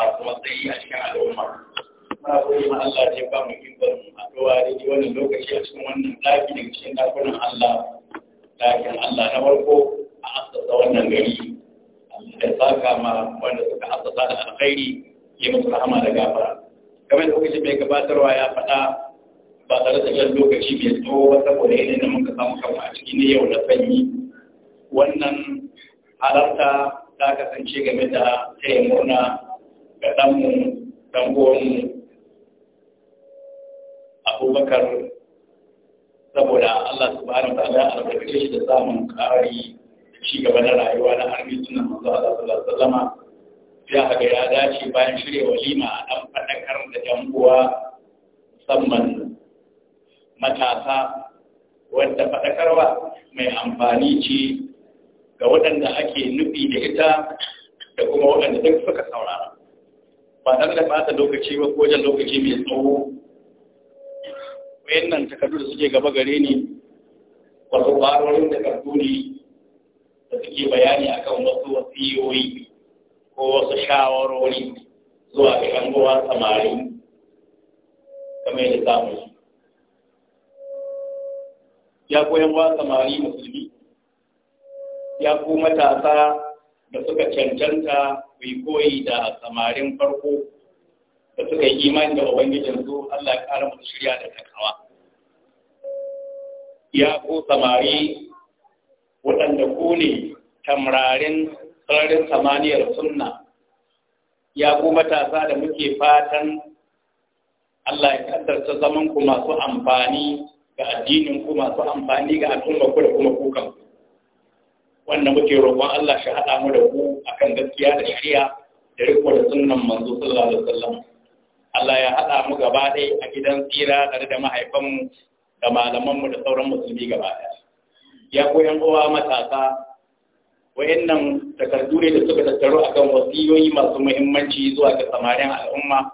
masu matsayi a cikin al'umma muna koyi ma Allah ya ba mu ikon addu'a da ji wannan lokaci a cikin wannan ɗaki daga cikin ɗakunan Allah ɗakin Allah na farko a asasa wannan gari da saka ma wanda suka asasa da alkhairi ya musu rahama da gafara kamar da kuka mai gabatarwa ya faɗa ba tare da jan lokaci mai tsawo ba saboda yanayin da muka samu kanmu a ciki ne yau na sanyi wannan halarta ta kasance game da taya murna ga ɗanmu ɗan mu abubakar saboda Allah ba da ta'ala albarkace shi da samun ƙari da ci gaba na rayuwa na harbi sunan masu Allah sallallahu alaihi ya haka ya dace bayan shirya walima a ɗan faɗakar da ɗan uwa musamman matasa wadda faɗakarwa mai amfani ce ga waɗanda ake nufi da ita da kuma waɗanda duk suka saurara ba ɗan da ɓata lokaci ba ko wajen lokaci mai tsawo nan takardu da suke gaba gare ni wato ɓarorin takardu ne da suke bayani kan wasu wasiyoyi ko wasu shawarori zuwa ga yan uwa samari kamar yadda mu ya koyan yan uwa samari musulmi ya kuma matasa da suka cancanta ku yi koyi da samarin farko da suka yi imani da ubangijin su Allah ya ƙara mutu shirya da takawa ya ku samari waɗanda ku ne tamrarin sararin samaniyar sunna ya ku matasa da muke fatan Allah ya kaddarta zamanku masu amfani ga addininku masu amfani ga al'umma da kuma kukan wanda muke roƙon Allah shi haɗa mu da ku akan gaskiya da shari'a da rikon da sunnan manzo sallallahu alaihi wasallam Allah ya haɗa mu gaba ɗaya a gidan tsira tare da mahaifanmu da malamanmu da sauran musulmi gaba ɗaya ya koyan uwa matasa wayannan takardu ne da suka tattaru akan wasiyoyi masu muhimmanci zuwa ga samarin al'umma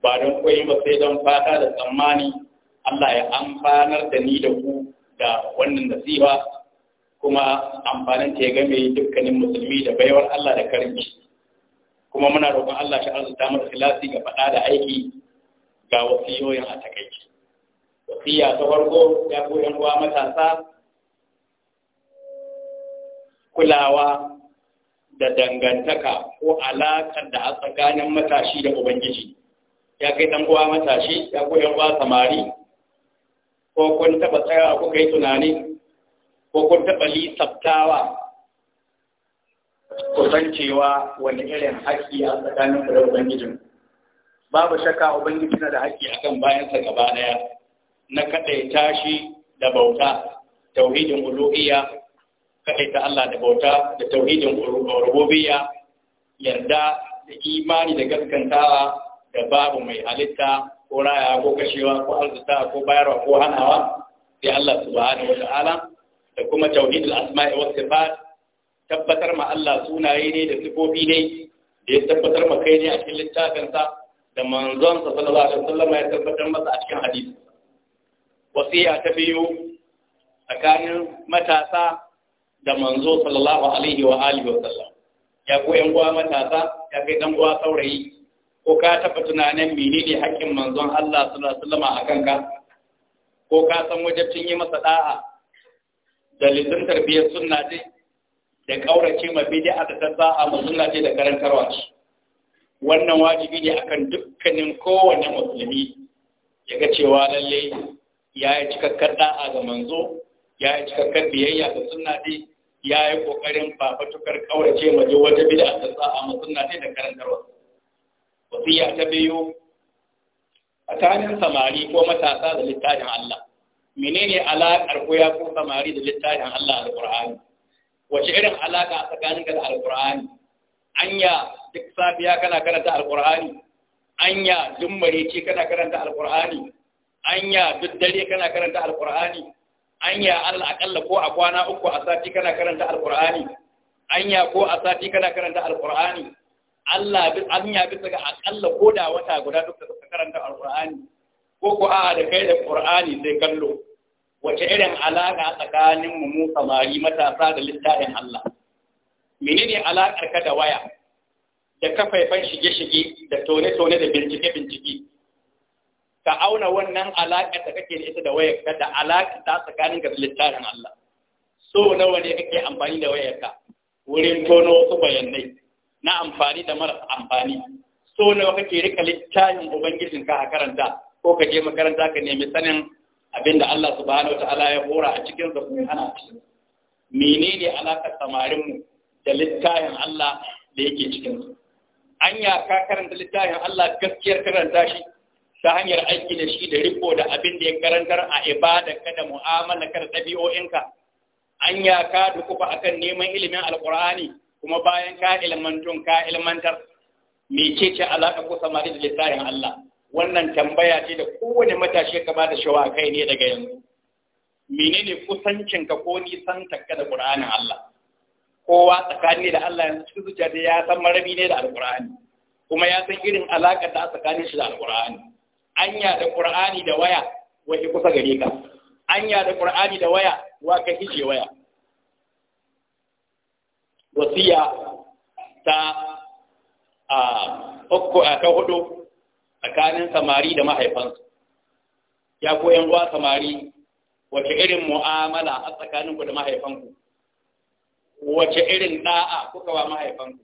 ba don koyi ba sai don fata da tsammani Allah ya amfanar da ni da ku da wannan nasiha kuma amfanin ta ya game dukkanin musulmi da baiwar Allah da karinci kuma muna roƙon Allah shi arzuta mu ikhlasi ga faɗa da aiki ga wasiyoyin a takaici wasiya ta farko ya ko yan uwa matasa kulawa da dangantaka ko alaƙar da a tsakanin matashi da ubangiji ya kai dan uwa matashi ya ko yan uwa samari ko kun taba tsaya ku kai tunani ko kun taɓa lisaftawa san cewa wani irin haƙƙi a tsakanin da Ubangijin. Babu shakka Ubangiji na da haƙƙi akan bayansa gaba ɗaya na kaɗai tashi da bauta, tauhidin uluhiyya, kaɗaita ta Allah da bauta da tauhidin rububiyya, yarda da imani da gaskantawa da babu mai halitta ko raya ko kashewa ko arzuta ko bayarwa ko hanawa sai Allah subhanahu wa ta'ala da kuma tauhidul asma'i was sifat tabbatar ma Allah sunaye ne da sifofi ne da ya tabbatar ma kai ne a cikin littafin sa da manzon sa sallallahu alaihi wasallam ya tabbatar masa a cikin hadisi wasiya ta biyu tsakanin matasa da manzo sallallahu alaihi wa alihi wasallam ya ko yan uwa matasa ya kai dan uwa saurayi ko ka taba tunanin menene haƙƙin manzon Allah sallallahu alaihi wasallam a kanka ko ka san wajibcin yi masa da'a Dalilin tarbiyyar sunna ce da kaurace ma bid'a da tsatsa ma sunna ce da karantarwa ce wannan wajibi ne akan dukkanin kowane musulmi ya ga cewa lalle ya yi cikakkar da'a ga manzo ya yi cikakkar biyayya ga sunna ce ya yi kokarin fafatukar kaurace ma duk wata bid'a da tsatsa a sunna ce da karantarwa wasiya ta biyu a tsakanin samari ko matasa da littafin Allah menene alaƙar ko ya ko samari da littafin Allah alƙur'ani wace irin alaƙa tsakaninka da alƙur'ani anya duk safiya kana karanta alƙur'ani anya duk marece kana karanta alƙur'ani anya duk dare kana karanta alƙur'ani anya alal akalla ko a kwana uku a sati kana karanta alƙur'ani anya ko a sati kana karanta alƙur'ani Allah anya bisa ga akalla ko da wata guda duk ka karanta alƙur'ani ko ko a da kai da Qur'ani sai kallo wace irin alaƙa tsakanin mu mu samari matasa da littafin Allah menene alaƙar ka da waya da kafaifan shige-shige da tone-tone da bincike-bincike ka auna wannan alaƙar da kake da ita da ka da alaƙar ta tsakanin ga littafin Allah so nawa ne kake amfani da ka wurin tono wasu bayanai na amfani da marasa amfani so nawa kake rika littafin ubangijinka a karanta ko ka je makaranta ka nemi sanin abinda Allah subhanahu wataala ya hora a cikin sa hana menene alakar samarin mu da littafin Allah da yake cikin su anya ka karanta littafin Allah gaskiyar karanta shi ta hanyar aiki da shi da riko da abin da ya karantar a ibada ka da mu'amala ka da ɗabi'o'inka anya ka dukufa akan neman ilimin alqur'ani kuma bayan ka ilmantun ka ilmantar ce alaka ko samari da littafin Allah wannan tambaya ce da kowane matashi ya kamata shawa kai ne daga yanzu menene kusancinka ko nisan takka da Qur'anin Allah kowa tsakani da Allah yanzu cikin zuciya da ya san marabi ne da alqur'ani kuma ya san irin alaƙa da tsakanin shi da alqur'ani anya da qur'ani da waya wai kusa gare ka anya da qur'ani da waya wa ka hije waya wasiya ta a uku a ta hudu tsakanin samari da mahaifansu ya koyan ruwa samari wace irin mu'amala a tsakaninku da mahaifanku wace irin ɗa'a kuka wa mahaifanku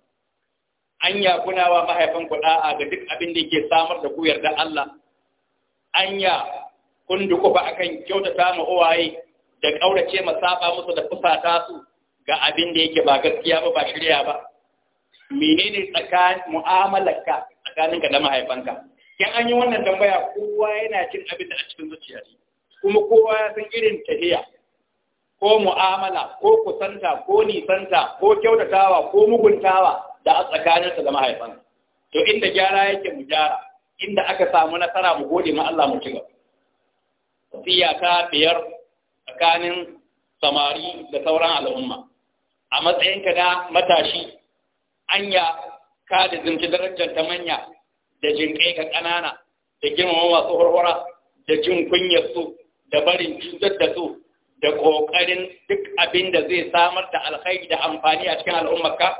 anya kuna wa mahaifanku da'a ga duk abin da ke samar da ku da Allah anya kun dukufa akan kyautata ma uwaye da kaurace ma saba musu da kusata su ga abin da yake ba gaskiya ba ba shirya ba menene mu'amalarka tsakaninka da mahaifanka in an yi wannan tambaya kowa yana cin abin da a cikin zuciya ne kuma kowa ya san irin tahiya ko mu'amala ko kusanta ko nisanta ko kyautatawa ko muguntawa da a tsakaninsa da mahaifan to inda gyara yake mu gyara inda aka samu nasara mu gode ma Allah mu ci gaba ta biyar tsakanin samari da sauran al'umma a matsayinka na matashi anya ka da zinci darajar ta manya da jinƙai ga ƙanana da girmama masu horhora da jin kunyarsu da barin cutar da su da ƙoƙarin duk abin da zai samar da alkhairi da amfani a cikin al'ummarka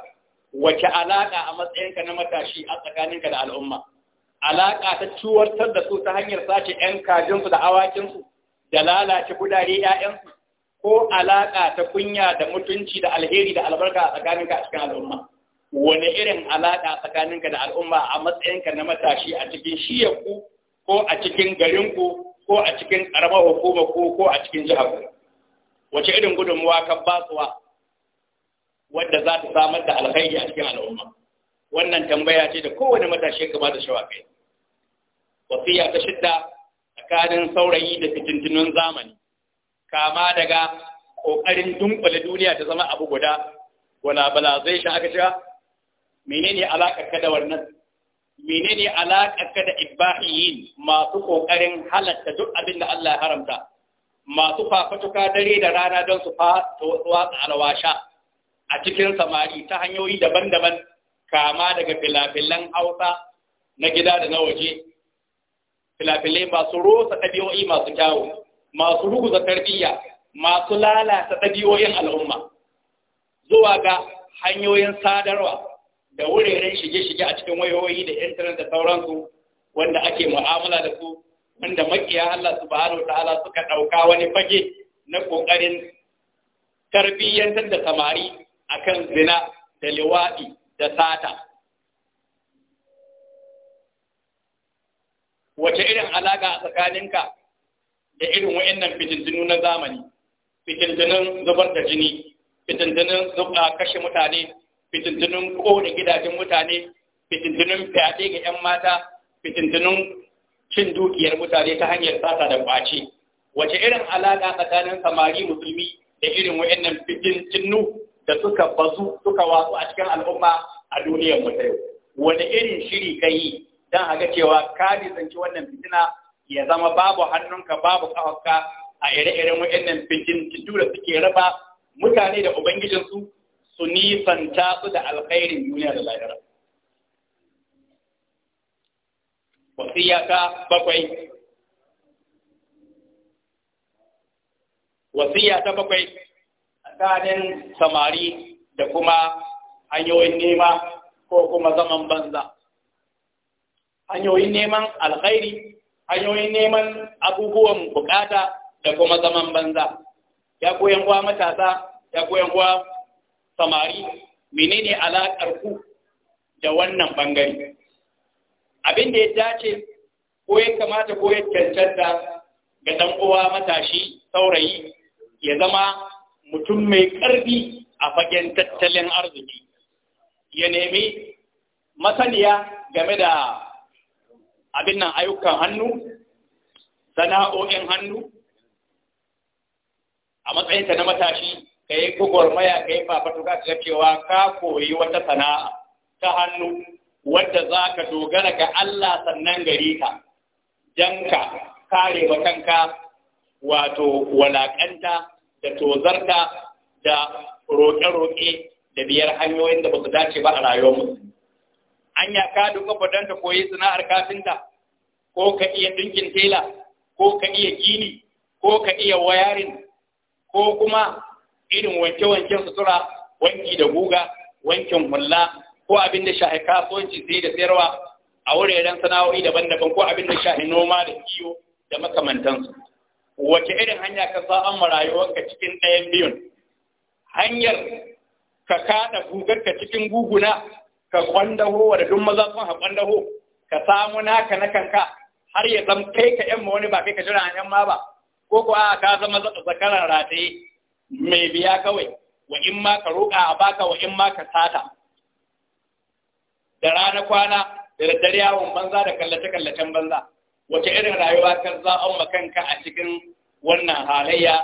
wace alaƙa a matsayinka na matashi a tsakaninka da al'umma alaƙa ta ciwartar da su ta hanyar sace ‘yan kajinsu da awakinsu da lalace kudare ‘ya'yansu ko alaƙa ta kunya da mutunci da alheri da albarka a tsakaninka a cikin al'umma wani irin alaƙa tsakaninka da al'umma a matsayinka na matashi a cikin shiyarku ko a cikin garinku ko a cikin ƙaramar hukuma ko ko a cikin jihar wace irin gudunmuwa kan basuwa wadda za ta samar da alkhairi a cikin al'umma wannan tambaya ce da kowane matashi ya kamata shawa kai wasiya ta shidda tsakanin saurayi da fitintunun zamani kama daga ƙoƙarin dunkule duniya ta zama abu guda wala balazai shi aka shiga menene alakar ka da wannan menene alakar ka da ibbahiyin masu kokarin halatta duk abin da Allah ya haramta masu fafatuka dare da rana don su watsa alwasha a cikin samari ta hanyoyi daban-daban kama daga filafilan hausa na gida da na waje filafilai masu rosa ɗabi'o'i masu kyawu masu ruguza tarbiyya masu lalata ɗabi'o'in al'umma zuwa ga hanyoyin sadarwa da wuraren shige-shige a cikin wayoyi da intanet da sauransu wanda ake mu'amala da su wanda makiya Allah subhanahu ta'ala suka ɗauka wani fage na ƙoƙarin tarbiyyantar da samari a kan zina da liwaɗi da sata wace irin alaƙa a tsakaninka da irin wa'annan fitintinu na zamani fitintunin zubar da jini zuba kashe mutane fitintunin kowane gidajen mutane fitintunin fyaɗe ga 'yan mata fitintunin cin dukiyar mutane ta hanyar sata da ƙwace wace irin alaƙa tsakanin samari musulmi da irin wa'annan fitintunnu da suka bazu suka wasu a cikin al'umma a duniyar mu ta wani irin shiri ka yi don haka cewa ka nisanci wannan fitina ya zama babu hannunka babu ƙafarka a ire-iren wa'annan fitintunnu da suke raba mutane da ubangijinsu su nisanta su da alkhairin duniya da lahira wasiya ta bakwai wasiya ta bakwai tsakanin samari da kuma hanyoyin nema ko kuma zaman banza hanyoyin neman alkhairi hanyoyin neman abubuwan bukata da kuma zaman banza ya koyan kuwa matasa ya koyan kuwa samari menene alaƙar ku da wannan bangare abin da ya dace ko ya kamata ko ya cancanta ga ɗan uwa matashi saurayi ya zama mutum mai ƙarfi a fagen tattalin arziki ya nemi masaniya game da abin nan ayyukan hannu sana'o'in hannu a matsayinta na matashi ka yi maya ka yi fafatuka ka cewa ka koyi wata sana'a ta hannu wadda za ka dogara ga Allah sannan gari ka don ka kare wa kanka wato walakanta da tozarta da roƙe-roƙe da biyar hanyoyin da ba su dace ba a rayuwar Anya ka duka don ka koyi sana'ar kafinta ko ka iya dinkin tela ko ka iya gini ko ka iya wayarin ko kuma irin wanke-wanken sutura wanki da guga wankin hula, ko abin da shahi kasuwanci sai da sayarwa a wuraren sana'o'i daban-daban ko abin da shahi noma da kiwo da makamantansu wace irin hanya ka sa an rayuwarka cikin ɗayan biyun hanyar ka kaɗa gugarka cikin guguna ka kwandaho wa da duk maza sun haƙon daho? ka samu naka na kanka har ya zama kai ka yan wani ba kai ka jira yan ma ba ko ko a ka zama zakaran rataye mai biya kawai wa in ma ka roƙa a baka wa in ma ka sata da rana kwana da daddare yawon banza da kallace-kallacen banza wace irin rayuwa ka za'an makanka a cikin wannan halayya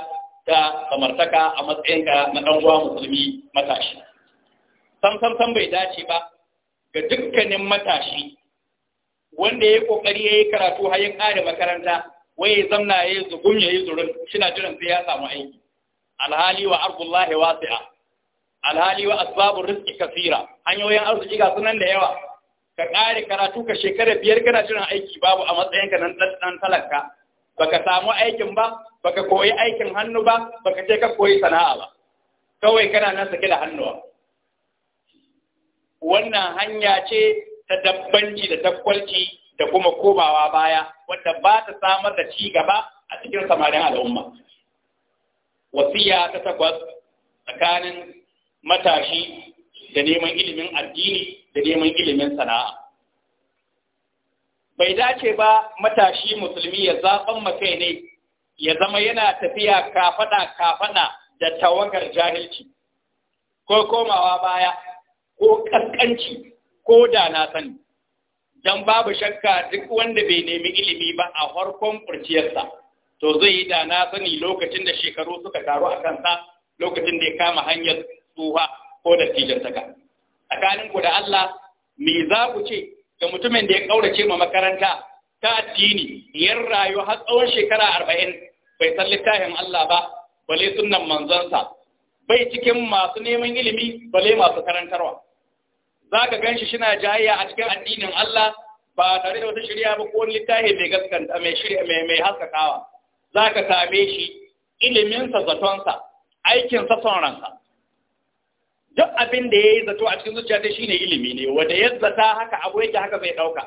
ta samartaka a matsayinka na uwa musulmi matashi sam sam sam bai dace ba ga dukkanin matashi wanda ya yi ƙoƙari ya yi karatu har ya makaranta wai ya zamna ya yi zugun ya yi zurin na jiran sai ya samu aiki alhali wa arzullahi wasi'a alhali wa asbabur rizqi kaseera hanyoyin arziki ga sunan da yawa ka kare karatu ka shekara biyar kana jiran aiki babu a matsayin ka nan dan talaka baka samu aikin ba baka koyi aikin hannu ba baka je ka koyi sana'a ba kawai kana nan sake da hannuwa wannan hanya ce ta dabbanci da takwalci da kuma komawa baya wadda ba ta samar da ci gaba a cikin samarin al'umma wasiya ta takwas tsakanin matashi da neman ilimin addini da neman ilimin sana'a bai dace ba matashi musulmi ya zaɓan makai ne ya zama yana tafiya kafaɗa kafaɗa da tawagar jahilci ko komawa baya ko ƙasƙanci ko da na sani don babu shakka duk wanda bai nemi ilimi ba a farkon furciyarsa to zai yi da na sani lokacin da shekaru suka taru a kansa lokacin da ya kama hanyar tsuha ko da tijantaka tsakanin ku da Allah me za ku ce ga mutumin da ya ƙaurace ma makaranta ta addini yan rayu har tsawon shekara arba'in bai san littafin Allah ba bale sunan manzansa bai cikin masu neman ilimi bale masu karantarwa za ka gan shi shina jayayya a cikin addinin Allah ba tare da wata shirya ba ko littafi mai gaskanta mai shirya mai haskakawa za ka same shi iliminsa zatonsa aikinsa son ransa duk abin da ya yi zato a cikin zuciya ta shi ne ilimi ne wanda ya zata haka abu yake haka zai ɗauka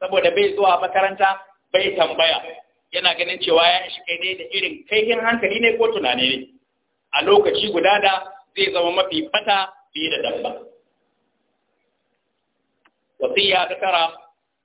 saboda bai zuwa makaranta bai tambaya yana ganin cewa ya shi kai ne da irin kaihin hankali ne ko tunani ne a lokaci guda da zai zama mafi fata fiye da dabba wasiya ta tara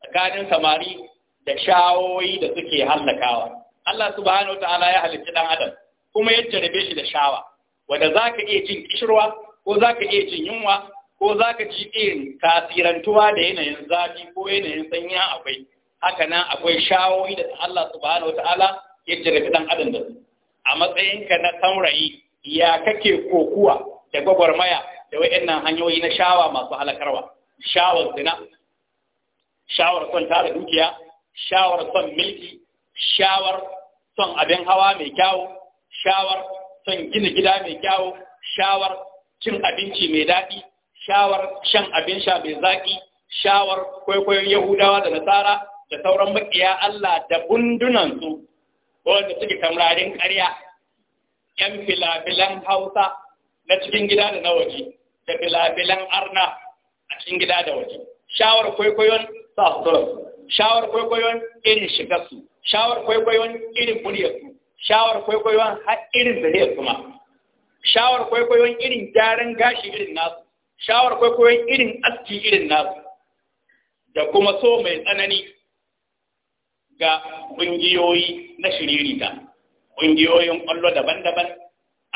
tsakanin samari da shawoyi da suke hallakawa Allah subhanahu ta'ala ya halitta dan adam kuma ya jarabe shi da shawa wanda zaka iya jin kishirwa ko zaka iya jin yunwa ko zaka ji irin tasirantuwa da yanayin zafi ko yanayin sanya akwai haka nan akwai shawoyi da Allah subhanahu ta'ala ya jarabe dan adam da su a matsayinka na saurayi ya kake kokuwa da gwagwarmaya da waɗannan hanyoyi na shawa masu halakarwa shawar zina shawar son tara dukiya shawar son milki shawar son abin hawa mai kyawu shawar son gina gida mai kyawu shawar cin abinci mai daɗi shawar shan abin sha mai zaƙi shawar kwaikwayon yahudawa da nasara da sauran makiya Allah da bundunansu wanda suke tamrarin ƙarya ‘yan filafilan hausa na cikin gida da na waje da filafilan arna a cikin gida da waje shawar kwaikwayon sa su shawar kwaikwayon irin su shawar kwaikwayon irin su shawar kwaikwayon har irin su ma shawar kwaikwayon irin gyaran gashi irin nasu shawar kwaikwayon irin aski irin nasu da kuma so mai tsanani ga ƙungiyoyi na shiririta ƙungiyoyin ƙwallo daban-daban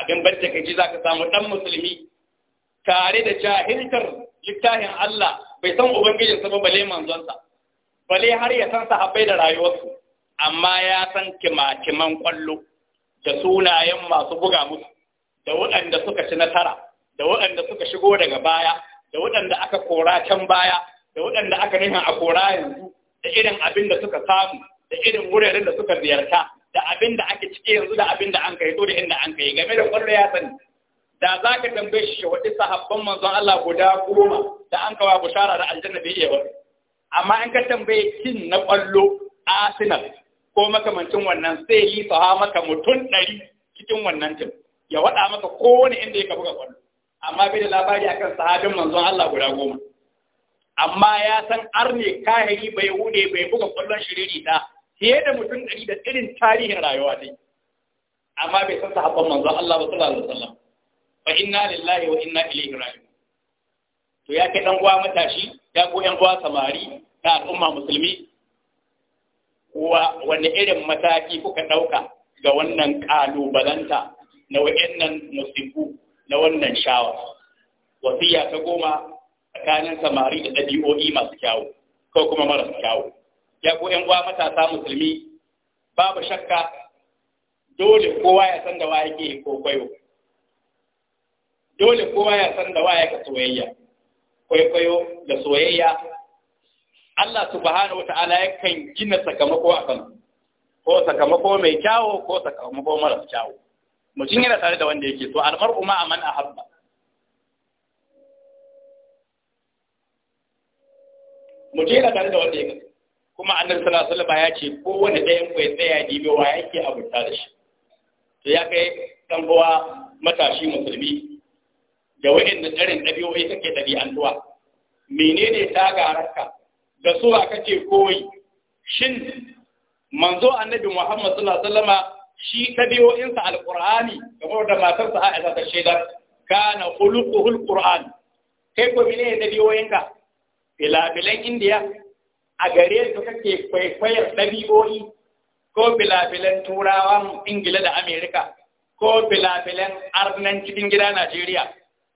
abin barta ka ji za ka samu ɗan musulmi tare da jahiltar littafin Allah bai san ubangijinsa ba manzonsa bale har ya san sahabbai da rayuwarsu amma ya san kimakiman kwallo da sunayen masu buga musu da waɗanda suka ci nasara da waɗanda suka shigo daga baya da waɗanda aka kora can baya da waɗanda aka nuna a kora yanzu da irin abin da suka samu da irin wuraren da suka ziyarta da abin da ake ciki yanzu da abin da an kai to da inda an kai game da kwallo ya sani da za ka tambaye shi waɗi sahabban manzon Allah guda goma da an kawa bushara da aljanna bai iya wani amma in ka tambaye cin na ƙwallo Arsenal ko makamancin wannan sai yi fa maka mutum ɗari cikin wannan tim ya waɗa maka kowane inda ya buga ƙwallo amma bai da labari akan sahabin manzon Allah guda goma amma ya san arne kahiri bai hude bai buga ƙwallon shiriri ta fiye da mutum ɗari da irin tarihin rayuwa dai amma bai san sahabban manzon Allah ba sallallahu alaihi wasallam fa inna lillahi wa inna ilaihi raji'un to ya kai dan uwa matashi ya ko yan uwa samari ga al'umma musulmi wani irin mataki kuka ɗauka ga wannan ƙalubalanta na wa'annan musibu na wannan shawa wasiya ta goma tsakanin samari da ɗabi'o'i masu kyawu ko kuma mara kyawu ya ko ƴan uwa matasa musulmi babu shakka dole kowa ya san da wa yake kwaikwayo dole kowa ya san da wa yake soyayya kwaikwayo da soyayya Allah subhanahu wata'ala yakan gina sakamako a kan ko sakamako mai kyawo ko sakamako mara kyawo mutum yana tare da wanda yake so almar'u ma man ahabba mutum yana tare da wanda yake kuma annabi sallallahu alaihi wasallam ya ce kowanne ɗayan ku ya tsaya dibe wa yake abuta da shi to ya kai dan uwa matashi musulmi da wa'in da tsarin ɗabi'o'i take ɗabi'antuwa menene ta gararka da su suwa kake koyi shin manzo annabi Muhammad sallallahu alaihi wasallama shi sa alqur'ani kamar da matarsa Aisha ta sheda. kana khuluquhu alqur'an kai ko mene ne tabi'o'inka bilabilan indiya a gare su kake kwaikwayar tabi'o'i ko bilabilan turawan ingila da amerika ko bilabilan arnan cikin gida najeriya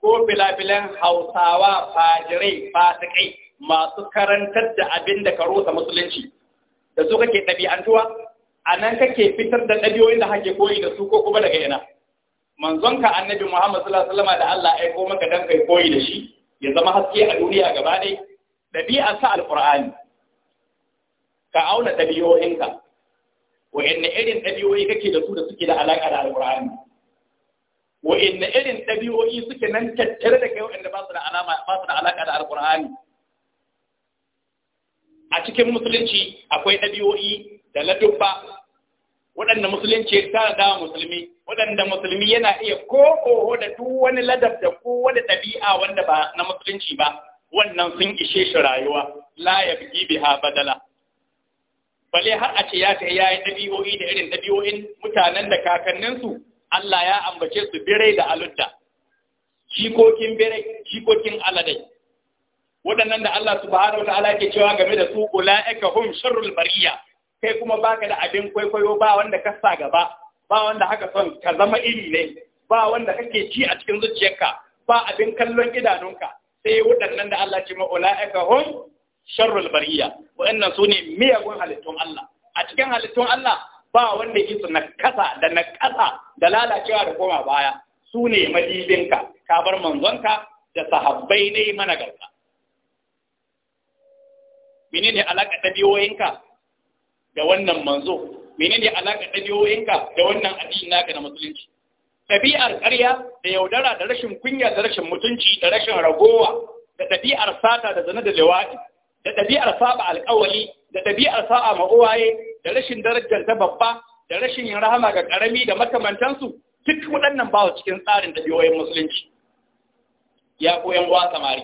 ko bilabilan hausawa fajirai fasikai masu karantar da abin da ka rusa musulunci da su kake ɗabi'antuwa a nan kake fitar da ɗabi'oyin da hake koyi da su ko kuma daga yana ka annabi muhammad sallallahu alaihi wasallam da Allah ya aiko maka dan kai koyi da shi ya zama haske a duniya gaba ɗaya ɗabi'a sa alqur'ani ka auna wa inna irin ɗabi'oyi kake da su da suke da alaƙa da alqur'ani inna irin ɗabi'oyi suke nan tattare da kai wa'anda ba su da alama ba su da alaƙa da alqur'ani a cikin musulunci akwai ɗabi'o'i da ladubba waɗanda musulunci ta da musulmi waɗanda musulmi yana iya ko koho da duk wani ladab da ko wani ɗabi'a wanda ba na musulunci ba wannan sun ishe shi rayuwa la ya bi biha badala bale har a ce ya ta yi ɗabi'o'i da irin ɗabi'o'in mutanen da kakanninsu Allah ya ambace su birai da aludda jikokin birai jikokin aladai waɗannan da Allah subhanahu wata ala ke cewa game da su ulaika hum sharrul bariya kai kuma baka da abin kwaikwayo ba wanda ka sa gaba ba wanda haka son ka zama iri ne ba wanda kake ci a cikin zuciyarka ba abin kallon idanunka sai waɗannan da Allah ce ma ulaika hum sharrul bariya waɗannan su ne miyagun halittun Allah a cikin halittun Allah ba wanda yake su na nakasa da na kasa da lalacewa da koma baya su ne madibinka kabar bar manzonka da sahabbai ne managarta ne alaka dabi'o'inka da wannan manzo ne alaka dabi'o'inka da wannan addini naka na musulunci ɗabi'ar ƙarya da yaudara da rashin kunya da rashin mutunci da rashin ragowa da ɗabi'ar sata da zane da lewaɗi da ɗabi'ar saba alƙawali da ɗabi'ar sa'a uwaye da rashin darajar ta babba da rashin yin rahama ga ƙarami da makamantansu duk waɗannan bawa cikin tsarin ɗabi'o'in musulunci ya koyan wa samari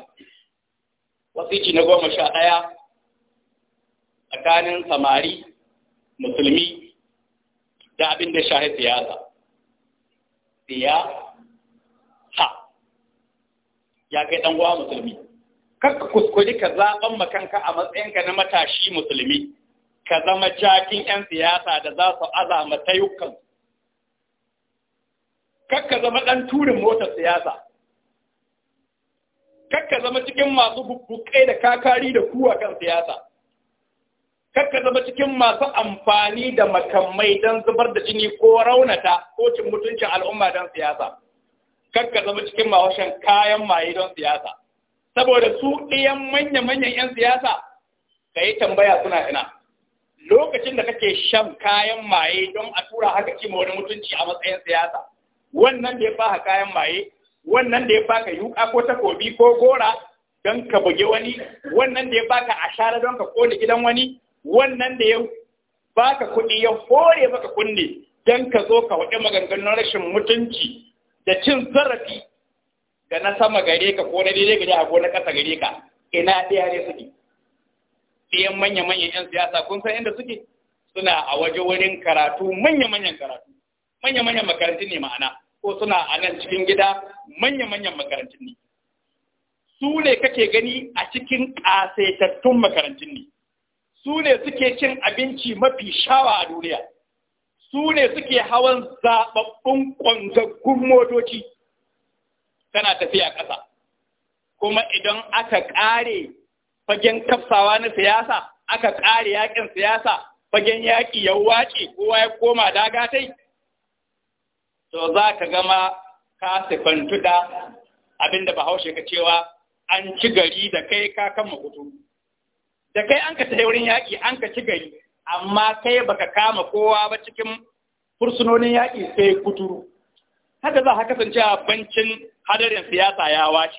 wasici na goma sha ɗaya tsakanin samari musulmi da abin da shahi siyasa siyasa ya kai ɗan uwa musulmi kakka kuskuri ka zaɓen makanka a matsayinka na matashi musulmi ka zama jakin 'yan siyasa da za su azama tayukan kakka zama ɗan turin motar siyasa kakka zama cikin masu bukai da kakari da kuwa kan siyasa kakka zama cikin masu amfani da makamai don zubar da jini ko raunata ko cin mutuncin al'umma don siyasa kakka zama cikin mawashin kayan maye don siyasa saboda su ɗayan manya-manyan 'yan siyasa ka yi tambaya suna ina lokacin da kake shan kayan maye don a tura haka kima wani mutunci a matsayin siyasa wannan da ya baka kayan maye wannan da ya baka yuka ko takobi ko gora don ka buge wani wannan da ya baka ashara don ka kone gidan wani wannan da ya baka kuɗi ya hore maka kunne don ka zo ka waɗe maganganun rashin mutunci da cin zarafi da na sama gare ka ko na daidai gare ko na ƙasa gare ka ina ɗaya ne suke ɗayan manya-manyan 'yan siyasa kun san inda suke suna a waje wurin karatu manya-manyan karatu manya-manyan makarantun ne ma'ana ko suna a nan cikin gida manya-manyan makarantun ne su ne kake gani a cikin ƙasaitattun makarantun ne su ne suke cin abinci mafi shawa a duniya su ne suke hawan zaɓaɓɓun ƙwangaggun motoci tana tafiya ƙasa kuma idan aka ƙare fagen kafsawa na siyasa aka ƙare yaƙin siyasa fagen yaƙi ya wace kowa ya koma dagatai to za ka gama ka sifantu da abinda bahaushe ka cewa an ci gari da kai ka kama kuturu da kai an ka ta wurin yaƙi an ka ci gari amma kai baka kama kowa ba cikin fursunonin yaƙi sai kuturu haka za ka kasance a bankin hadarin siyasa ya wace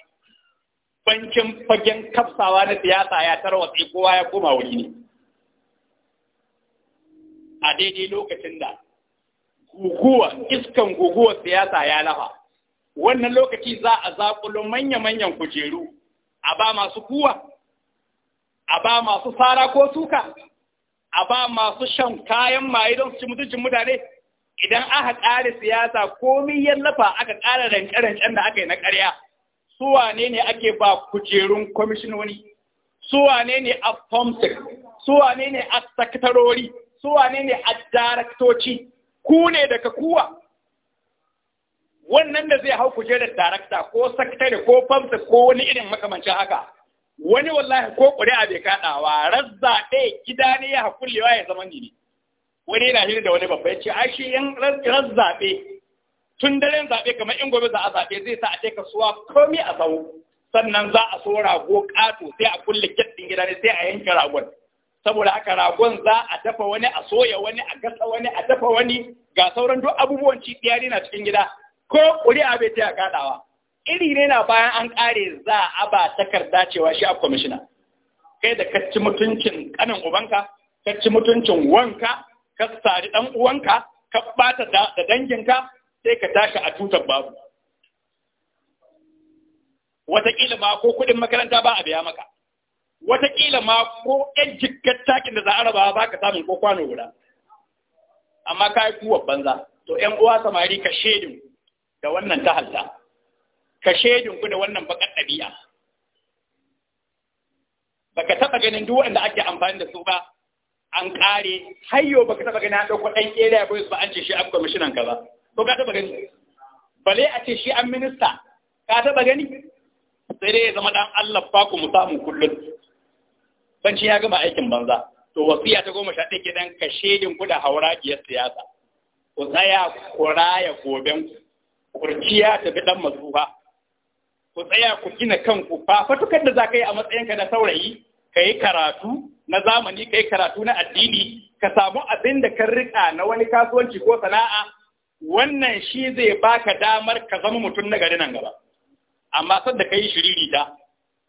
bancin fagen kafsawa na siyasa ya tarwatse kowa ya koma wuri ne a daidai lokacin da guguwa iskan guguwa siyasa ya lafa wannan lokaci za a zaƙulo manya-manyan kujeru a ba masu kuwa a ba masu sara ko suka a ba masu shan kayan maye don su ci mutuncin mutane idan aka ƙare siyasa komi yallafa aka ƙara rance-rancen da aka yi na ƙarya su wane ne ake ba kujerun kwamishinoni su wane ne a fomsir su wane ne a sakatarori su wane ne a daraktoci ku ne daga kuwa wannan da zai hau kujerar darakta ko sakatare ko famsa ko wani irin makamancin haka wani wallahi ko ƙuri'a bai kaɗawa razza gida ne ya hakullewa ya zama ne wani yana hira da wani babba ya ce a shi yan razzaɓe tun daren zaɓe kamar in gobe za a zaɓe zai sa a je kasuwa komi a sau sannan za a so rago ƙato sai a kulle kittin gida ne sai a yanke ragon saboda haka ragon za a dafa wani a soya wani a gasa wani a dafa wani ga sauran duk abubuwan ci na cikin gida ko ƙuri'a bai taya kaɗawa iri ne na bayan an ƙare za a ba takarda cewa shi a kwamishina kai da kacci mutuncin kanin ubanka kacci mutuncin wanka ka sari ɗan uwanka ka ɓata da danginka sai ka tashi a tutar babu wataƙila ma ko kuɗin makaranta ba a biya maka wataƙila ma ko ƴan jikkar takin da za a raba ba ka samun ko kwano guda amma ka yi kuwa banza to ƴan uwa samari ka shedin da wannan ta halta ka ku da wannan bakar ɗabi'a baka taɓa ganin duk wanda ake amfani da su ba an ƙare hayyo baka taɓa ganin an ɗauko ɗan area su ba an ce shi an kwamishinan ka ba to ka taɓa gani bale a ce shi an minista ka taɓa gani sai dai ya zama ɗan Allah fa ku mu samu kullum banci ya gama aikin banza to wasiya ta goma sha ɗaya gidan ka shedin ku da hauragiyar siyasa ku tsaya ku raya goben kurciya ta bi ɗan masuha ku tsaya ku gina kanku fa fatukar da za ka yi a matsayinka na saurayi ka yi karatu na zamani ka yi karatu na addini ka samu abin da kan rika na wani kasuwanci ko sana'a wannan shi zai baka damar ka zama mutum na gari nan gaba amma sadda ka yi shiriri da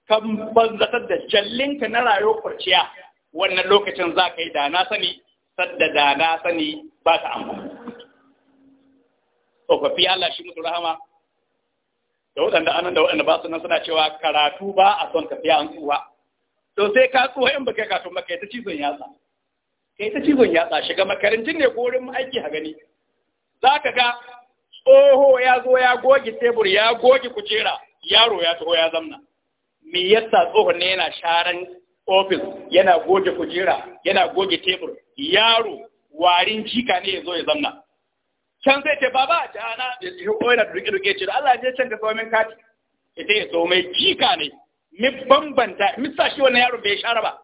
ka banzatar da jallinka na rayuwar kurciya wannan lokacin za ka yi da na sani sadda da na sani ba ta amfani tsofaffi Allah shi musu rahama da waɗanda anan da waɗanda ba su nan suna cewa karatu ba a son ka an tsuwa to sai ka tsuwa in baka ka ba kai ta cizon yatsa kai ta cizon yatsa shiga makarantun ne ko wurin aiki a gani za ka ga tsoho ya zo ya goge tebur ya goge kujera yaro ya taho ya zamna me yasa tsohon ne yana sharan ofis yana goge kujera yana goge tebur yaro warin jika ne ya zo ya zamna can zai ce baba a ana ya ce ko yana duke duke ce Allah je can ka kati. Ya kati ita ya so mai jika ne mi bambanta misa shi wannan yaro bai shara ba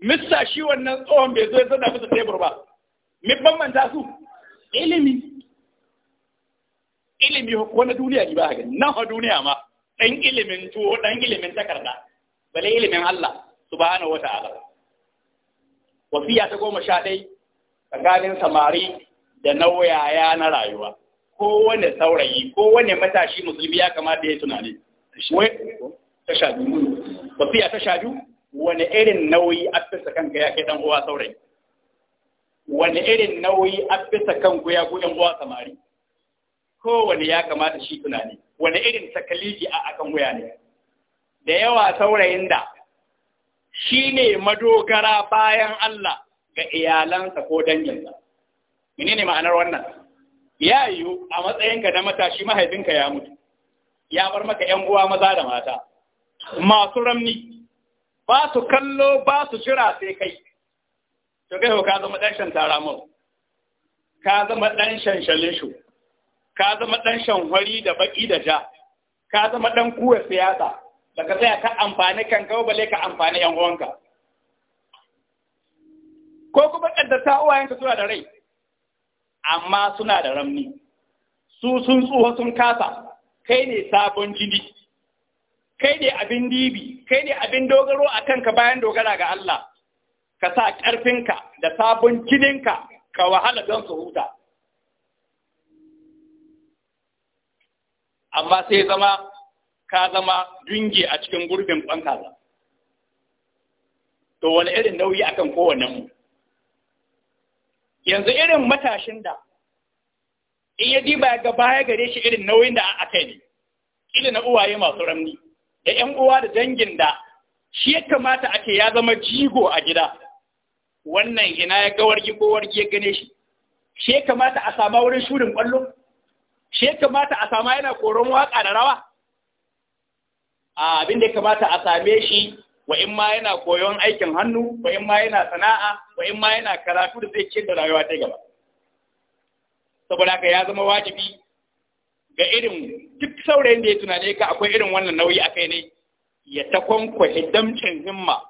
misa shi wannan tsohon bai zo ya zada musu tebur ba mi bambanta su ilimi ilimi ko na duniya ne ba ga nan ha duniya ma dan ilimin tuwo dan ilimin takarda bale ilimin Allah subhanahu wataala wasiya ta goma sha ɗai tsakanin samari da nauyaya na rayuwa kowane saurayi wani matashi musulmi ya kamata ya tunani Wai, ta shaju wani irin nauyi a fisa kanka ya kai dan uwa saurayi wani irin nauyi a fisa kanku ya ku uwa samari kowane ya kamata shi tunani wani irin takaliki a akan wuya ne da yawa saurayin da shi ne madogara bayan Allah ga iyalansa ko danginsa menene ma'anar wannan ya yiwu a matsayinka na matashi mahaifinka ya mutu ya bar maka ‘yan uwa maza da mata, masu ramni, ba su kallo ba su jira sai kai, to kai ka zama ɗan shan tara ka zama ɗan shan shalishu, ka zama ɗan shan hori da baki da ja, ka zama ɗan kuwa siyasa, da ka tsaya ka amfani kan kawo bale ka amfani ‘yan uwanka. Ko kuma ƙaddata uwayenka suna da rai, amma suna da ramni su sun tsuwa sun kasa kai ne sabon jini kai ne abin dibi kai ne abin dogaro a kanka bayan dogara ga Allah ka sa ƙarfinka da sabon jininka ka wahala don su huta amma sai zama ka zama dunge a cikin gurbin ɓan kaza to wani irin nauyi akan kowanne mu yanzu irin matashin da in ya diba ga baya gare shi irin nauyin da aka yi. ne na uwaye masu ramni da ƴan uwa da dangin da shi ya kamata a ya zama jigo a gida wannan ina ya ga wargi ko wargi ya gane shi shi ya kamata a sama wurin shurin ƙwallo shi ya kamata a sama yana koron waka da rawa abin da ya kamata a same shi wa in ma yana koyon aikin hannu wa in ma yana sana'a wa in ma yana karatu da zai ci da rayuwa ta gaba saboda haka ya zama wajibi ga irin duk saurayin da ya tunane ka akwai irin wannan nauyi a kai ne ya ta kwankwace damcin himma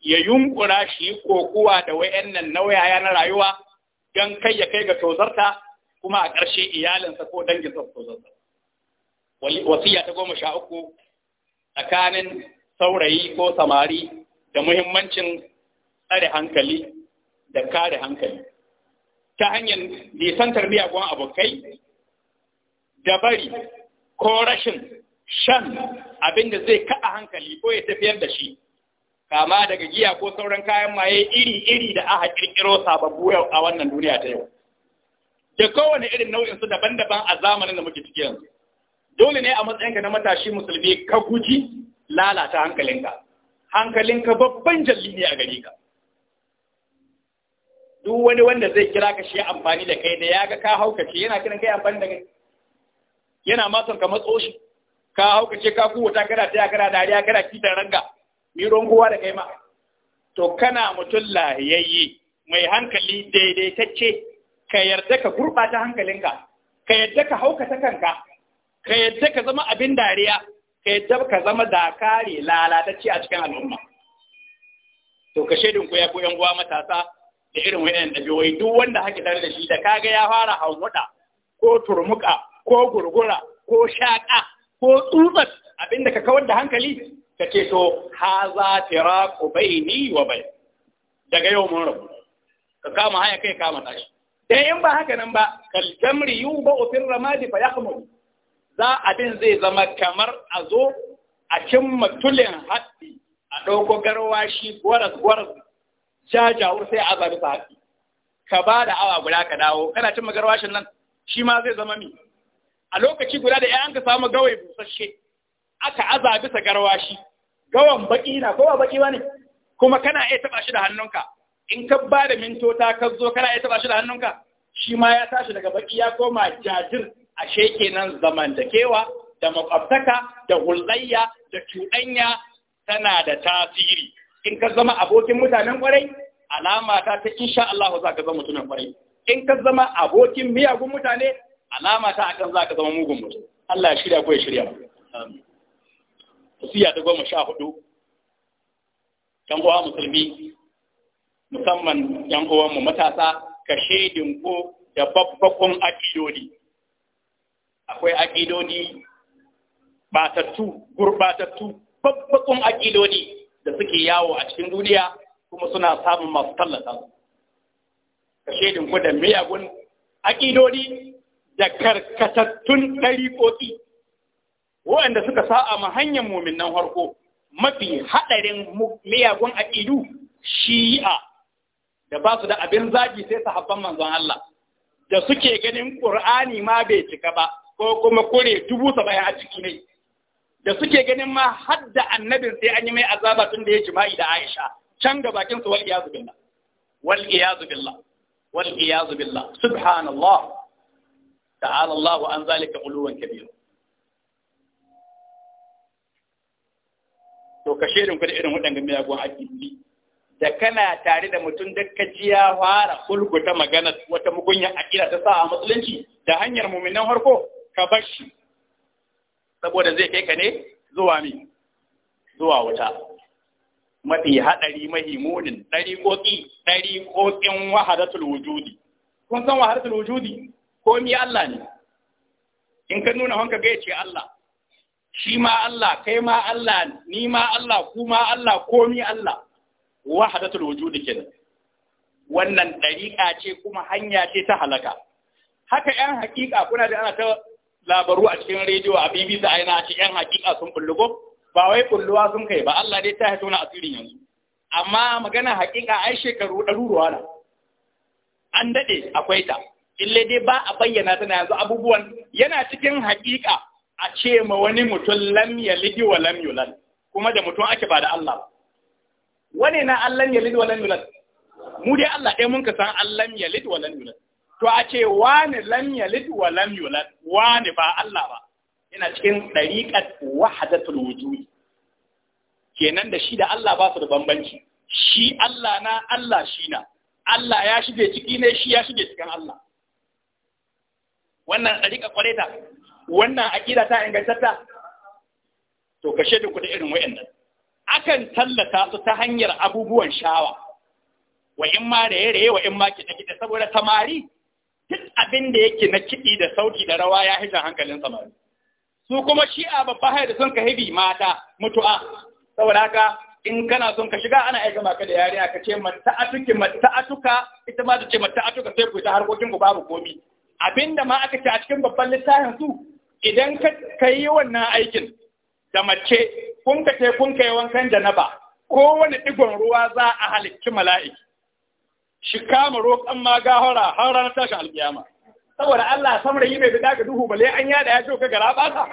ya yunkura shi kokuwa da wayannan nauyaya na rayuwa don kai ya kai ga tozarta kuma a ƙarshe iyalinsa ko danginsa tozarta wasiya ta goma sha uku tsakanin saurayi ko samari da muhimmancin tsare hankali da kare hankali ta hanyar nisantar miyagun abokai da bari ko rashin shan abin da zai kaɗa hankali ko ya tafiyar da shi kama daga giya ko sauran kayan maye iri-iri da aka kirkiro sababbu a wannan duniya ta yau da kowane irin nau'in su daban-daban a zamanin da muke cikin yanzu dole ne a matsayinka na matashi musulmi ka guji lalata hankalinka hankalinka babban jalli ne a gari ka duk wani wanda zai kira ka shi amfani da kai da ya ga ka haukace yana kiran kai amfani da kai yana masan ka matso shi ka haukace ka kuwata kana taya kana dariya kana kitan ranga miron kowa da kai ma to kana mutum lahiyayye mai hankali daidaitacce ka yarda ka gurɓata hankalinka ka yarda ka haukata kanka ka yarda ka zama abin dariya kai ka zama da kare lalatacce a cikin al'umma to ka shaidin ku ya ku yan matasa da irin da dabi'o'i duk wanda haƙi tare da shi da kaga ya fara hau waɗa ko turmuka ko gurgura ko shaƙa, ko abin abinda ka kawar da hankali ka ce to haza tiraqu baini wa bai daga yau mun rabu ka kama haya kai kama tashi dai in ba haka nan ba kal jamri yuba fi ramadi fa yahmud za abin zai zama kamar a zo a cimma tulin haɗi a ɗauko garwashi gwaras-gwaras jajawar sai a zabi sa haɗi ka ba da awa guda ka dawo kana cimma garwashin nan shi ma zai zama mi a lokaci guda da ‘yan ka samu gawai busasshe aka aza bisa garwashi gawan baƙi na kowa baƙi ba ne kuma kana iya taɓa shi da hannunka in ka ba da mintota ka zo kana iya taɓa shi da hannunka shi ma ya tashi daga baƙi ya koma jajir ashe kenan zamantakewa da makwabtaka da hulɗayya da cuɗanya tana da tasiri in ka zama abokin mutanen kwarai alama ta ta insha Allah za ka zama mutumin kwarai in ka zama abokin miyagun mutane alama ta akan za ka zama mugun mutum Allah ya shirya ko ya shirya wasiya ta goma sha hudu yan uwa musulmi musamman yan uwanmu matasa ka shedin ko da babbakon akidodi akwai aƙidodi batattu gurbatattu babbakun aƙidodi da suke yawo a cikin duniya kuma suna samun masu tallata ka shaidin ku da miyagun aƙidodi da karkatattun ɗariƙoƙi waɗanda suka sa'a ma hanyar mumin nan harko mafi haɗarin miyagun aƙidu shi'a da ba su da abin zagi sai sahabban manzon Allah da suke ganin ƙur'ani ma bai cika ba ko kuma kore dubu saba'in a ciki ne da suke ganin ma har da annabin sai an yi mai azaba tun da ya jima'i da Aisha can ga bakin su wal iyazu billah wal iyazu zubilla. wal iyazu billah subhanallah ta'ala Allah an zalika uluwan kabiru to ka shedin ku da irin waɗannan miyagun addini da kana tare da mutum da ji ya fara kulguta magana wata mugunya akira ta sa a musulunci da hanyar muminan harko ka bar shi saboda zai kai ka ne zuwa mi zuwa wuta mafi haɗari mahi munin ɗari ƙoƙin wahadatul wujudi kun san wahadatul wujudi ko mi Allah ne in ka nuna wanka ga ce Allah shi ma Allah kai ma Allah ni ma Allah ku ma Allah Ko mi Allah wahadatul wujudi kenan wannan ɗariƙa ce kuma hanya ce ta halaka haka 'yan hakika kuna da ana ta labaru a cikin rediyo a BBC a yana ce yan hakika sun bullugo ba wai bulluwa sun kai ba Allah dai ta haito na asirin yanzu amma magana hakika ai shekaru ɗaruruwa na an daɗe akwai ta ille dai ba a bayyana tana yanzu abubuwan yana cikin hakika a ce ma wani mutum lam Lidi wa lam yulal, kuma da mutum ake ba da Allah wane na Allah yalid wa lam yulal? mu dai Allah ɗaya mun ka san Allah yalid wa lam yulal. to a ce wani lam yalid wa lam yulad wani ba Allah ba yana cikin dariqat wahdatul wujud kenan da shi da Allah ba su da bambanci shi Allah na Allah shi na Allah ya shige ciki ne shi ya shige cikin Allah wannan dariqa ta? wannan aqida ta ingantatta to kashe da kudi irin wayannan akan tallata su ta hanyar abubuwan shawa wa in ma da yare wa in ma kiɗe-kiɗe saboda samari duk abin da yake na kiɗi da sauti da rawa ya hijin hankalin samari su kuma shi'a babba haya da sun ka hibi mata mutu'a saboda haka in kana son ka shiga ana aika maka da yariya ka ce mata'atuki mata'atuka ita ma ta ce mata'atuka sai ku ta harkokin ku babu komi abinda ma aka ce a cikin babban littafin su idan ka yi wannan aikin da mace kun ka ce kun ka yi wankan janaba kowane digon ruwa za a halicci mala'iki shi kama roƙon ma gahara har ranar tashi alƙiyama saboda Allah samar yi mai bida ka duhu bale an yada ya ka gara bata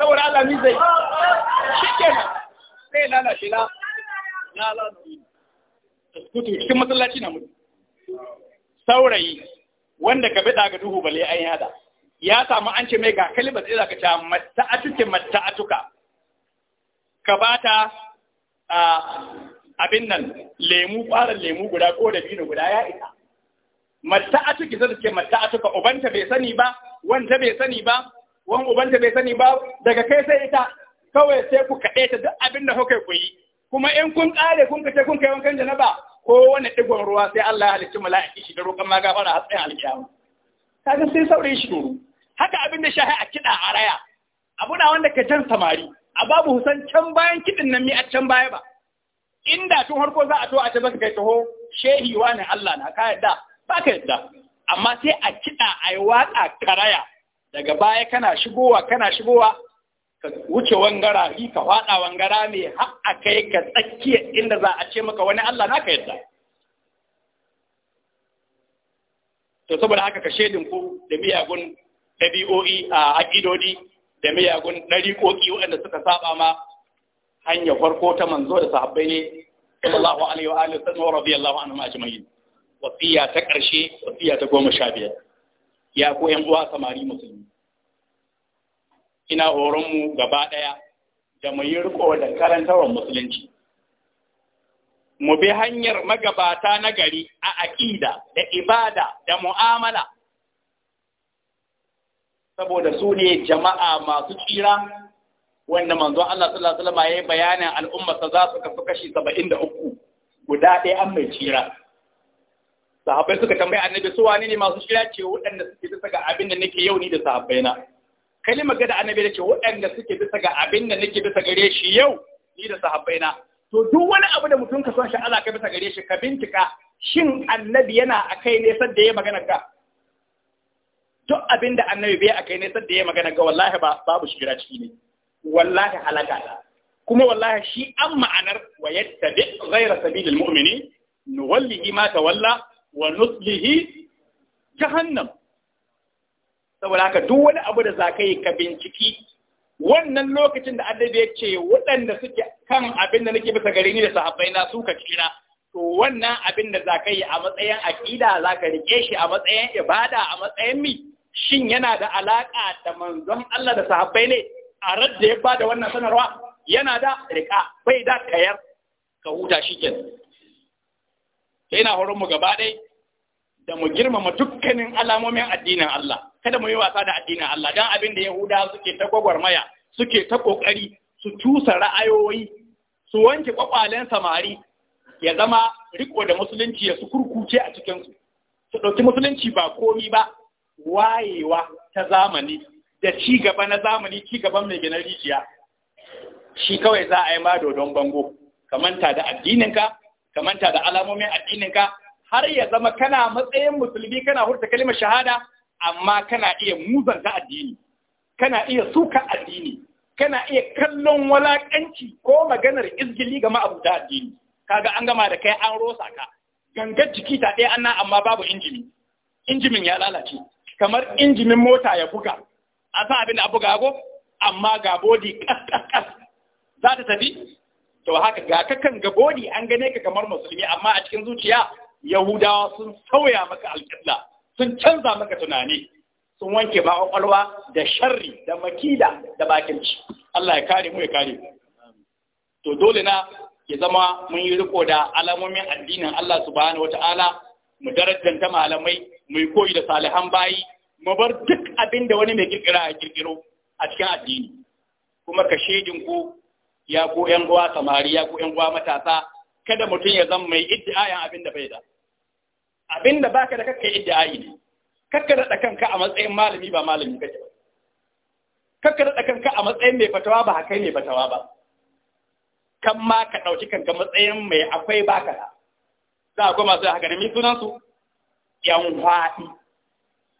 saboda Allah ni zai na sai lalace na na lalace kutu cikin masallaci na mutu saurayi wanda ka bida ka duhu bale an yada ya samu an ce mai ga kalimar sai zaka ta matta'atuke matta'atuka ka bata a abin nan lemu ƙwarar lemu guda ko da biyu guda ya isa a ciki zai ce a ka ubanta bai sani ba wanta bai sani ba wan ubanta bai sani ba daga kai sai ita kawai sai ku kaɗe ta duk abin da kuka ku yi kuma in kun kare kun kace kun kai wankan janaba ko wani digon ruwa sai Allah ya halicci mala'iki shi da roƙon ma gafara har tsayin alƙiyama kaga sai saurayi shi duru haka abin da shahi a kiɗa a raya abu na wanda ka can samari a babu husan can bayan kiɗin nan mi a can baya ba inda tun harko za a to a tabbata kai taho shehi wani Allah na ka yadda ba ka yadda amma sai a kiɗa a yi waƙa karaya daga baya kana shigowa kana shigowa ka wuce wangara yi ka faɗa wangara ne har a kai ka tsakiya inda za a ce maka wani Allah na ka yadda to saboda haka ka shedin ku da miyagun ɗabi'o'i a aƙidodi da miyagun ɗariƙoƙi waɗanda suka saba ma hanya farko ta manzo da sahabbai ne sallallahu alaihi wa alihi sallam radiyallahu anhu ajma'in wasiya ta karshe wasiya ta goma sha biyar ya ko yan uwa samari musulmi ina horon mu gaba daya da mu yi riko da karantawar musulunci mu bi hanyar magabata na gari a aƙida da ibada da mu'amala saboda su ne jama'a masu tsira wanda manzo Allah sallallahu alaihi wasallam yayi bayanin al'ummarsa za su kasu kashi 73 guda ɗaya an mai cira sahabbai suka tambayi annabi su wane ne masu shira ce waɗanda suke bisa ga abin da nake yau ni da sahabbai na kalima ga da annabi da ce waɗanda suke bisa ga abin da nake bisa gare shi yau ni da sahabbai na to duk wani abu da mutum ka son shi Allah ka bisa gare shi ka bincika shin annabi yana a kai ne sanda ya magana ka duk abin da annabi bai a kai ne sanda ya magana ga wallahi ba babu shira ciki ne wallahi halaka kuma wallahi shi an ma'anar wa yattabi ghayra sabilil mu'mini nuwallihi ma tawalla wa nuslihi jahannam saboda haka duk wani abu da za ka yi ka binciki wannan lokacin da annabi ya ce waɗanda suke kan abin da nake bisa gare ni da sahabbai na suka kira to wannan abin da za ka yi a matsayin aƙida za ka rike shi a matsayin ibada a matsayin mi shin yana da alaƙa da manzon Allah da sahabbai ne a radda ya bada wannan sanarwa yana da rika bai da kayar ka huta shi ke sai na horon mu gaba dai da mu girmama dukkanin alamomin addinin Allah kada mu yi wasa da addinin Allah dan abin da Yahuda suke ta gwagwarmaya suke ta kokari su tusa ra'ayoyi su wanke kwakwalen samari ya zama riko da musulunci ya su kurkuce a cikin su su dauki musulunci ba komi ba wayewa ta zamani da ci gaba na zamani ci gaban mai gina rijiya shi kawai za a yi ma dodon bango kamanta da addininka kamanta da alamomin addininka har ya zama kana matsayin musulmi kana hurta kalimar shahada amma kana iya muzanta addini kana iya suka addini kana iya kallon walakanci ko maganar izgili ga ma'abuta addini kaga an gama da kai an rosa ka gangar jiki ta ɗaya na, amma babu injimi injimin ya lalace kamar injimin mota ya buga A san abin da abu ga amma ga bodi kas za ta tafi to haka ga kakan ga bodi an gane ka kamar musulmi amma a cikin zuciya yahudawa sun sauya maka alƙibla sun canza maka tunani sun wanke ba kwakwalwa da sharri da makida da bakinci Allah ya kare mu ya kare to dole na ya zama mun yi riko da alamomin addinin Allah subhanahu wata'ala mu darajanta malamai mu yi koyi da salihan bayi mu bar duk abin da wani mai kirkira a kirkiro a cikin addini kuma ka shedin ku ya ko ƴan uwa samari ya ko ƴan uwa matasa kada mutum ya zama mai iddiayan abin da bai da abin da baka da kakka iddiayi ne kakka da kanka a matsayin malami ba malami kake ba kakka da kanka a matsayin mai fatawa ba kai mai fatawa ba kan ma ka ɗauki kanka matsayin mai akwai baka da za a koma su haka ne mi sunan su yan faɗi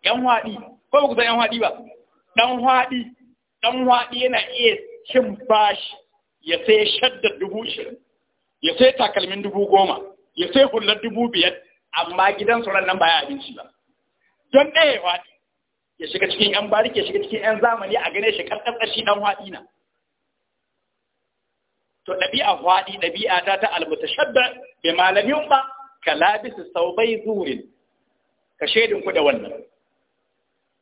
yan waɗi ko ba ku san yan waɗi ba ɗan waɗi ɗan haɗi yana iya cin bashi ya sai shaddar dubu ishirin ya sai takalmin dubu goma ya sai hular dubu biyar amma gidan tsoron nan ya abinci ba don ɗaya waɗi ya shiga cikin yan bari, ya shiga cikin yan zamani a gane shi karkar shi dan waɗi na to ɗabi'a waɗi ɗabi'a ta ta almutashabba bai malamin ba ka labisa saubai zurin ka shaidin ku da wannan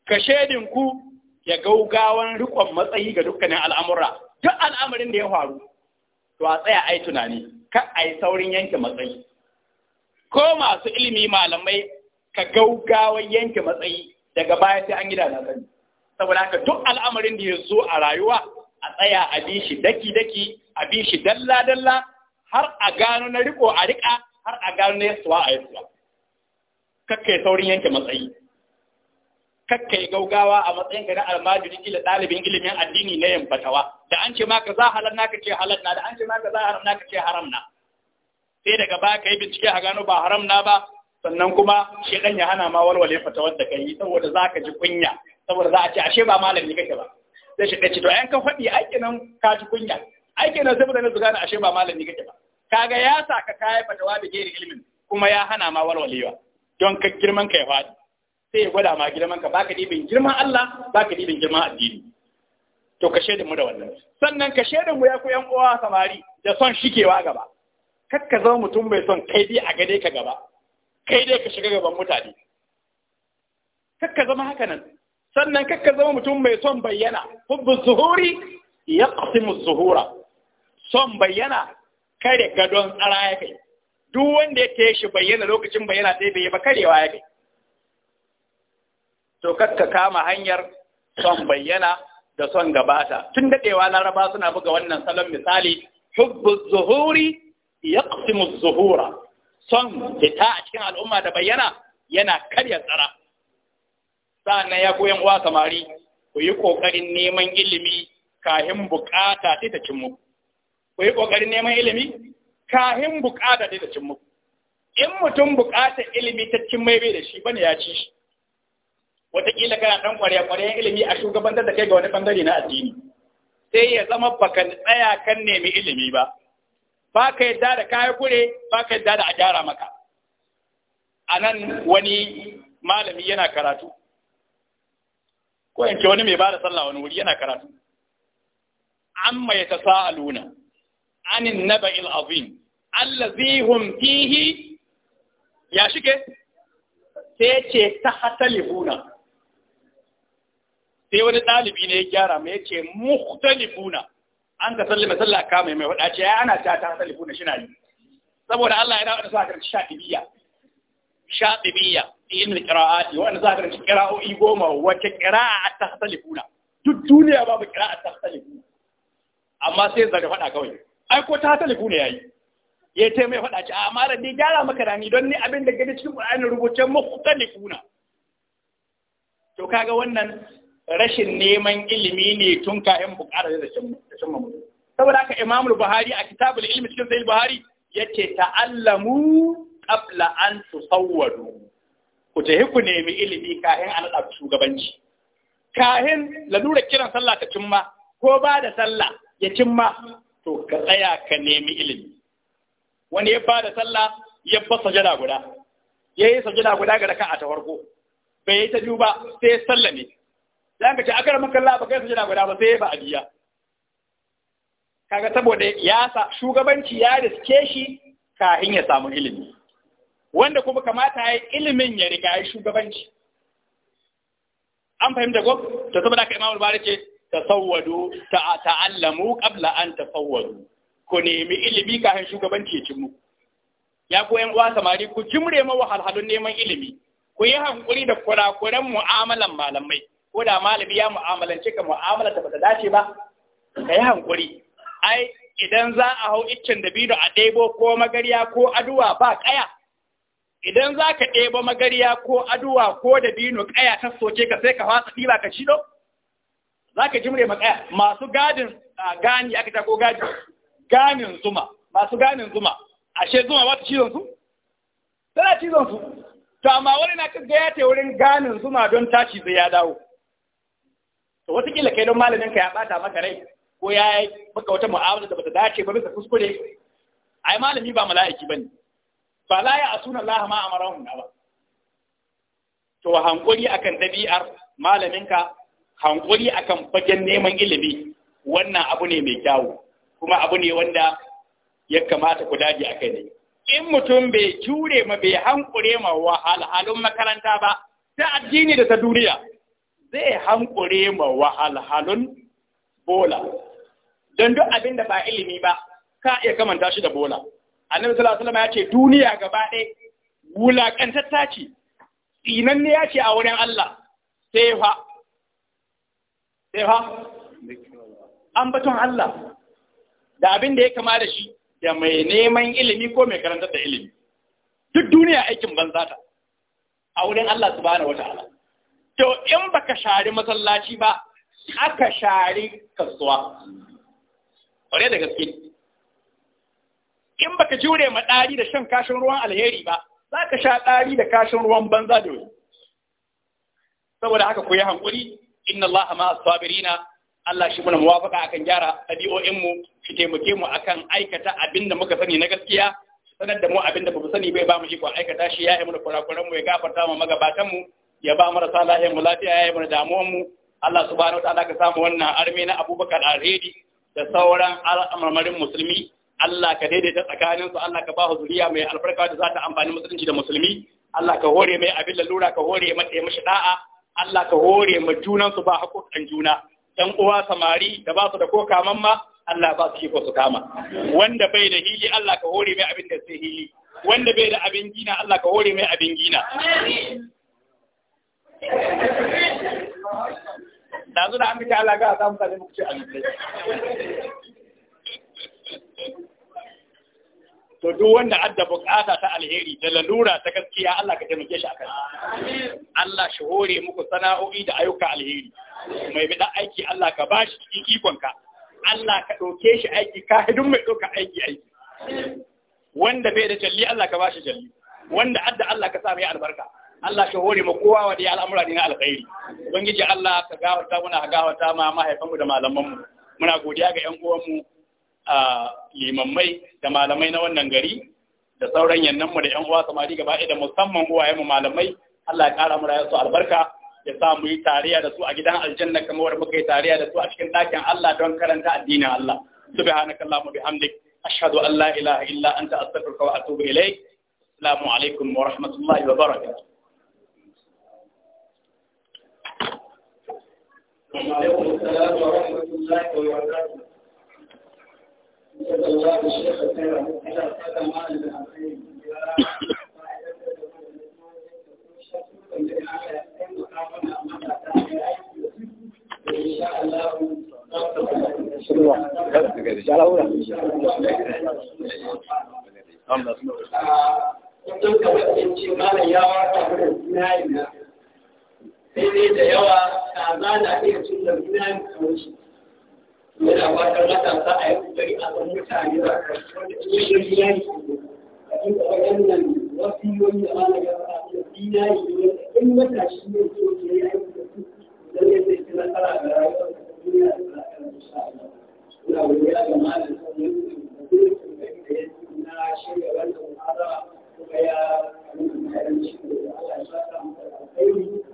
ka ku ya gaugawan rikon matsayi ga dukkanin al'amura duk al'amarin da ya faru to a tsaya ai tunani ka yi saurin yanke matsayi ko masu ilimi malamai ka gaugawan yanke matsayi daga baya sai an gida na sani saboda haka duk al'amarin da ya zo a rayuwa a tsaya a bi shi daki-daki a bi shi dalla-dalla har a gano na riko a riƙa har a gano na yasuwa a yasuwa saurin yanke matsayi kakka yi gaugawa a matsayinka na almajiri kila ɗalibin ilimin addini na yambatawa da an ce maka za halar naka ce halar na da an ce maka za haram naka ce haram na sai daga baya ka yi bincike a gano ba haram na ba sannan kuma shedan ya hana ma walwale fatawar da kai saboda za ka ji kunya saboda za a ce ashe ba malami kake ba sai shi ce to ayan ka faɗi aiki nan ka ji kunya aiki nan sai na su gane ashe ba malami kake ba kaga ya sa ka kayi fatawa da gairin ilimin kuma ya hana ma walwalewa don ka girman ka ya faɗi sai ya gwada ma girman ka baka dibin girman Allah baka dibin girman addini to ka shaidin mu da wannan sannan ka shaidin mu ya ku yan uwa samari da son shikewa gaba kar ka zama mutum mai son kai dai a gade ka gaba kai dai ka shiga gaban mutane kar ka zama haka nan sannan kakka zama mutum mai son bayyana hubbu zuhuri ya ƙasimu zuhura son bayyana kare gadon tsara ya kai duk wanda ya shi bayyana lokacin bayyana sai bai yi ba karewa ya kai to ka kama hanyar son bayyana da son gabata tun dadewa laraba suna buga wannan salon misali hubbu zuhuri yaqsimu zuhura son fita a cikin al'umma da bayyana yana karya tsara sa'annan ya koyan uwa samari ku yi kokarin neman ilimi kahin bukata ta ta cimmu ku yi kokarin neman ilimi kahin bukata ta ta cimmu in mutum bukata ilimi ta cimma bai da shi bane ya ci shi wataƙila kana ɗan kwarya-kwaryan ilimi a shugabantar da kai ga wani ɓangare na addini sai ya zama baka tsaya kan nemi ilimi ba ba ka yadda da kayi kure ba ka yadda da a gyara maka a nan wani malami yana karatu ko in ce wani mai ba da sallah wani wuri yana karatu an mai ta sa'aluna anin naba'il azim allazi hum fihi ya shike sai ce ta hatalihuna sai wani ɗalibi ne ya gyara mai yace mukhtalifuna an ka sallama sallah ka mai mai wada ce ya ana ta ta salifuna shi na yi saboda Allah ya dawo sa karshe shadibiyya shadibiyya in qira'ati wa an sa karshe qira'o'i goma wace qira'a ta salifuna duk duniya babu qira'a ta salifuna amma sai zaga faɗa kawai ai ko ta salifuna yayi ya ce mai faɗa ce a mara ne gyara maka rani don ni abin da gani cikin ƙur'anin rubuce mukhtalifuna to kaga wannan rashin neman ilimi ne tun kayan bukara da cin mamu saboda haka imamul buhari a kitabul ilmi cikin sahih buhari yace ta'allamu qabla an tusawwadu ku tafi ku nemi ilimi kayan an da shugabanci kahin lalura kiran sallah ta cimma ko ba da sallah ya cimma to ka tsaya ka nemi ilimi wani ya ba da sallah ya ba sajada guda ya yi sajada guda ga raka'a ta farko bai yi ta duba sai sallah ne zan ka ce akar maka kalla ba kai su guda ba sai ba adiya kaga saboda ya sa shugabanci ya riske shi kafin ya samu ilimi wanda kuma kamata ya ilimin ya riga ya shugabanci an fahimta ko ta saboda kai imamul bari ce tasawwadu ta ta'allamu qabla an tasawwadu ku nemi ilimi kafin shugabanci ya ci mu ya koyan uwa samari ku jimre ma wahalhalun neman ilimi ku yi hankuri da kurakuran mu'amalan malamai ko da malami ya mu'amalance ka mu'amala ta bata dace ba ka yi hankuri ai idan za a hau iccen dabino a ɗebo ko magariya ko aduwa ba ƙaya idan za ka ɗebo magariya ko aduwa ko dabino ƙaya ta soke ka sai ka fasa ɗiba ka shido za ka jimre ma ƙaya masu gadin gani aka ta ko gadi ganin zuma masu ganin zuma ashe zuma ba ta cizon su tana cizon su to amma wani na kaga ya wurin ganin zuma don tashi zai ya dawo to wataƙila kai don malamin ka ya ɓata maka rai ko ya yi maka wata mu'amala da bata dace ba bisa kuskure ai malami ba mala'iki bane ba la ya asuna Allah ma na ba to hankuri akan dabi'ar malaminka hankuri akan fagen neman ilimi wannan abu ne mai kyawu kuma abu ne wanda ya kamata ku dage akai ne in mutum bai jure ma bai hankure ma wahalhalun makaranta ba ta addini da ta duniya zai hankure ma wahalhalun bola don duk abin da ba ilimi ba ka iya kamanta shi da bola annabi sallallahu alaihi wasallam ya ce duniya gaba ɗaya wulakantatta ce ne ya ce a wurin Allah sai fa sai fa an batun Allah da abin da ya kama da shi da mai neman ilimi ko mai karantar da ilimi duk duniya aikin banza ta a wurin Allah subhanahu wataala to in ba ka share masallaci ba aka shari kasuwa ƙware da gaske in ba ka jure ma ɗari da shan kashin ruwan alheri ba za ka sha ɗari da kashin ruwan banza da saboda haka ku yi hankuri inna Allah ma sabirina Allah shi muna muwafaka akan gyara ɗabi'o'in mu shi taimake mu akan aikata abin da muka sani na gaskiya sanar da mu abin da ba mu sani bai ba mu iko aikata shi ya yi muna kurakuranmu ya gafarta mu magabatanmu. ya ba marasa lahiyar mu lafiya ya yi mana damuwan mu Allah subhanahu wataala ka samu wannan armi na Abubakar Alheri da sauran al'amarin musulmi Allah ka daidaita tsakanin su Allah ka ba hu zuriya mai albarka da za ta amfani musulunci da musulmi Allah ka hore mai abin lalura ka hore mata mishi da'a Allah ka hore ma junan su ba hakokan juna ɗan uwa samari da ba su da ko kaman ma Allah ba su iko su kama wanda bai da hili Allah ka hore mai abin da sai hili wanda bai da abin gina Allah ka hore mai abin gina Dazu da an Allah ga samu kaje muku ce annabi. To duk wanda adda bukata ta alheri da lalura ta gaskiya Allah ka taimake shi akan. Allah shi hore muku sana'o'i da ayyuka alheri. Mai bi aiki Allah ka bashi cikin ikonka. Allah ka ɗauke shi aiki ka hidin mai ɗauka aiki aiki. Wanda bai da jalli Allah ka bashi jalli. Wanda adda Allah ka sa mai albarka. Allah ka hore ma kowa wa da al'amura ne na alkhairi ubangiji Allah ka gafarta muna ka gafarta ma mahaifanmu da malamanmu muna godiya ga ƴan uwanmu a limammai da malamai na wannan gari da sauran yannanmu da ƴan uwa samari gaba ɗaya da musamman uwayenmu malamai Allah ya ƙara mu su albarka ya sa mu yi tariya da su a gidan aljanna kamar muka yi tariya da su a cikin ɗakin Allah don karanta addinin Allah subhanakallahumma bihamdik ashhadu an la ilaha illa anta astaghfiruka wa atubu ilaik assalamu alaikum wa rahmatullahi wa وعليكم السلام ورحمة الله وبركاته جزا الشيخ sai da yawa kaza na iya cin da juna ne kamar shi yana fatan matasa a yi kokari a san mutane ba wanda iya yin juna a cikin kwakwalwar nan wasu yoyi da mana ya faɗa da juna ne in matashi ne so ke yi aiki da su zai yi zai ci nasara ga rayuwar da lafiyar da sha Allah. Ina godiya da ya na da Allah ya saka